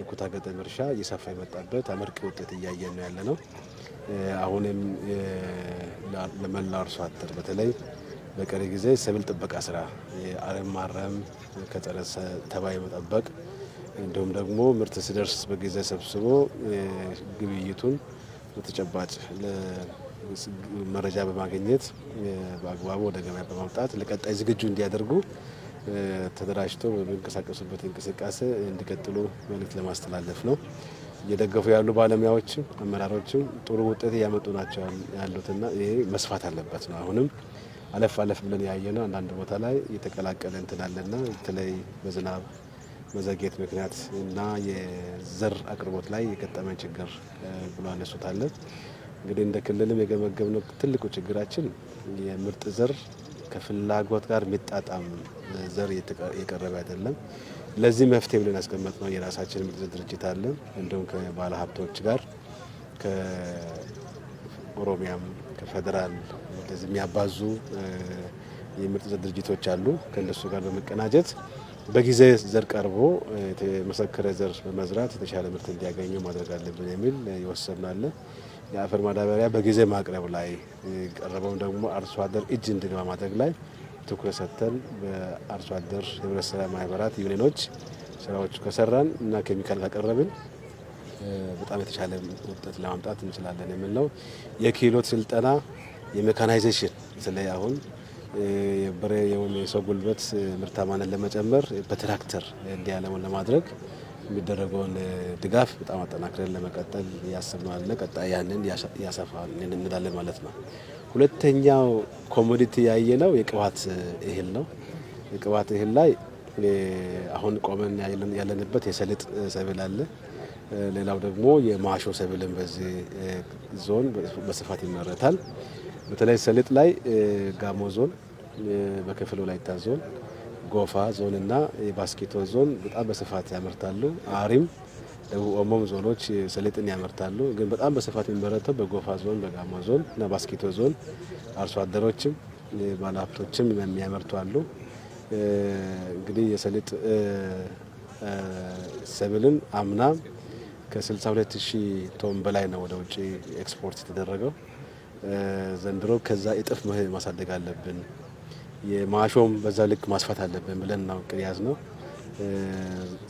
የኩታ ገጠም እርሻ እየሰፋ የመጣበት አመርቂ ውጤት እያየን ነው ያለ ነው። አሁንም ለመላው አርሶ አደር በተለይ በቀሪ ጊዜ ሰብል ጥበቃ ስራ የአረም ማረም ከጸረ ተባይ መጠበቅ እንዲሁም ደግሞ ምርት ሲደርስ በጊዜ ሰብስቦ ግብይቱን በተጨባጭ መረጃ በማግኘት በአግባቡ ወደ ገበያ በማምጣት ለቀጣይ ዝግጁ እንዲያደርጉ ተደራጅተው በሚንቀሳቀሱበት እንቅስቃሴ እንዲቀጥሉ መልእክት ለማስተላለፍ ነው። እየደገፉ ያሉ ባለሙያዎችም አመራሮችም ጥሩ ውጤት እያመጡ ናቸው ያሉትና ይሄ መስፋት አለበት ነው። አሁንም አለፍ አለፍ ብለን ያየ ነው። አንዳንድ ቦታ ላይ እየተቀላቀለ እንትናለና በተለይ በዝናብ መዘግየት ምክንያት እና የዘር አቅርቦት ላይ የገጠመ ችግር ብሎ አነሱታለን። እንግዲህ እንደ ክልልም የገመገብነው ትልቁ ችግራችን የምርጥ ዘር ከፍላጎት ጋር የሚጣጣም ዘር የቀረበ አይደለም። ለዚህ መፍትሄ ብለን ነው የራሳችን ምርጥ ድርጅት አለ። እንዲሁም ከባለ ሀብቶች ጋር ከኦሮሚያም ከፌዴራል እንደዚህ የሚያባዙ የምርጥ ዘር ድርጅቶች አሉ። ከእነሱ ጋር በመቀናጀት በጊዜ ዘር ቀርቦ የተመሰከረ ዘር በመዝራት የተሻለ ምርት እንዲያገኙ ማድረግ አለብን የሚል ይወሰናል። የአፈር ማዳበሪያ በጊዜ ማቅረብ ላይ ቀረበውን ደግሞ አርሶ አደር እጅ እንዲገባ ማድረግ ላይ ትኩረት ሰጥተን በአርሶ አደር ህብረት ስራ ማህበራት ዩኒኖች ስራዎቹ ከሰራን እና ኬሚካል ካቀረብን በጣም የተሻለ ውጤት ለማምጣት እንችላለን የሚል ነው። የክህሎት ስልጠና፣ የሜካናይዜሽን በተለይ አሁን የበሬ የሰው ጉልበት ምርታማነት ለመጨመር በትራክተር እንዲያለሙን ለማድረግ የሚደረገውን ድጋፍ በጣም አጠናክረን ለመቀጠል እያሰብን አለ። ቀጣይ ያንን እያሰፋ እንዳለን ማለት ነው። ሁለተኛው ኮሞዲቲ ያየነው የቅባት እህል ነው። የቅባት እህል ላይ አሁን ቆመን ያለንበት የሰሊጥ ሰብል አለ። ሌላው ደግሞ የማሾ ሰብልን በዚህ ዞን በስፋት ይመረታል። በተለይ ሰሊጥ ላይ ጋሞ ዞን በክፍሉ ላይ ታዞን ጎፋ እና የባስኬቶ ዞን በጣም በስፋት ያመርታሉ። አሪም ደቡብ ኦሞም ዞኖች ሰሊጥን ያመርታሉ። ግን በጣም በስፋት የሚመረተው በጎፋ ዞን፣ በጋሞ ዞን እና ባስኬቶ ዞን አርሶ አደሮችም ባለሀብቶችም የሚያመርቱ አሉ። እንግዲህ የሰሊጥ ሰብልን አምና ከ62 ሺህ ቶን በላይ ነው ወደ ውጭ ኤክስፖርት የተደረገው። ዘንድሮ ከዛ እጥፍ ማሳደግ አለብን። የማሾም በዛ ልክ ማስፋት አለብን ብለን ነው እቅድ ነው።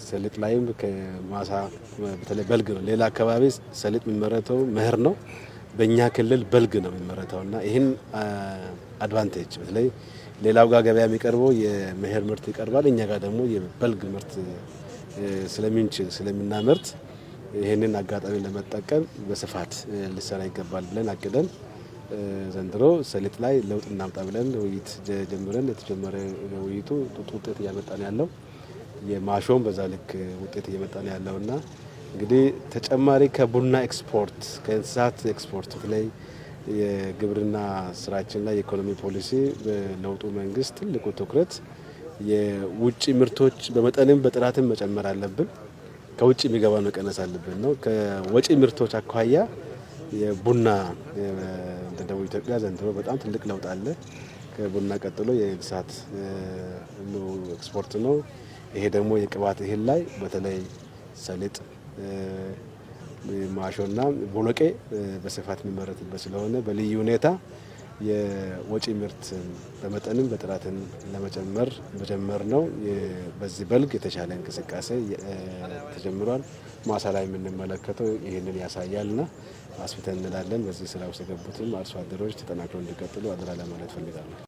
ሰሊጥ ላይም ከማሳ በተለይ በልግ ነው። ሌላ አካባቢ ሰሊጥ የሚመረተው ምህር ነው፣ በእኛ ክልል በልግ ነው የሚመረተው እና ይህን አድቫንቴጅ በተለይ ሌላው ጋር ገበያ የሚቀርበው የምህር ምርት ይቀርባል፣ እኛ ጋር ደግሞ የበልግ ምርት ስለምንችል ስለምናመርት ይህንን አጋጣሚ ለመጠቀም በስፋት ሊሰራ ይገባል ብለን አቅደን ዘንድሮ ሰሊጥ ላይ ለውጥ እናምጣ ብለን ውይይት ጀምረን የተጀመረ ውይይቱ ውጤት እያመጣ ነው ያለው። የማሾም በዛ ልክ ውጤት እየመጣ ነው ያለው እና እንግዲህ ተጨማሪ ከቡና ኤክስፖርት ከእንስሳት ኤክስፖርት በተለይ የግብርና ስራችን ላይ የኢኮኖሚ ፖሊሲ በለውጡ መንግስት ትልቁ ትኩረት የውጭ ምርቶች በመጠንም በጥራትም መጨመር አለብን። ከውጭ የሚገባ መቀነስ አለብን ነው። ከወጪ ምርቶች አኳያ የቡና ደቡብ ኢትዮጵያ ዘንድሮ በጣም ትልቅ ለውጥ አለ። ከቡና ቀጥሎ የእንስሳት ኤክስፖርት ነው። ይሄ ደግሞ የቅባት እህል ላይ በተለይ ሰሊጥ፣ ማሾና ቦሎቄ በስፋት የሚመረትበት ስለሆነ በልዩ ሁኔታ የወጪ ምርትን በመጠንም በጥራትን ለመጨመር መጀመር ነው። በዚህ በልግ የተሻለ እንቅስቃሴ ተጀምሯል። ማሳ ላይ የምንመለከተው ይህንን ና አስፍተን እንላለን። በዚህ ስራ ውስጥ የገቡትም አርሶ አደሮች ተጠናክረው እንዲቀጥሉ አደራ ለማለት ፈልጋለሁ።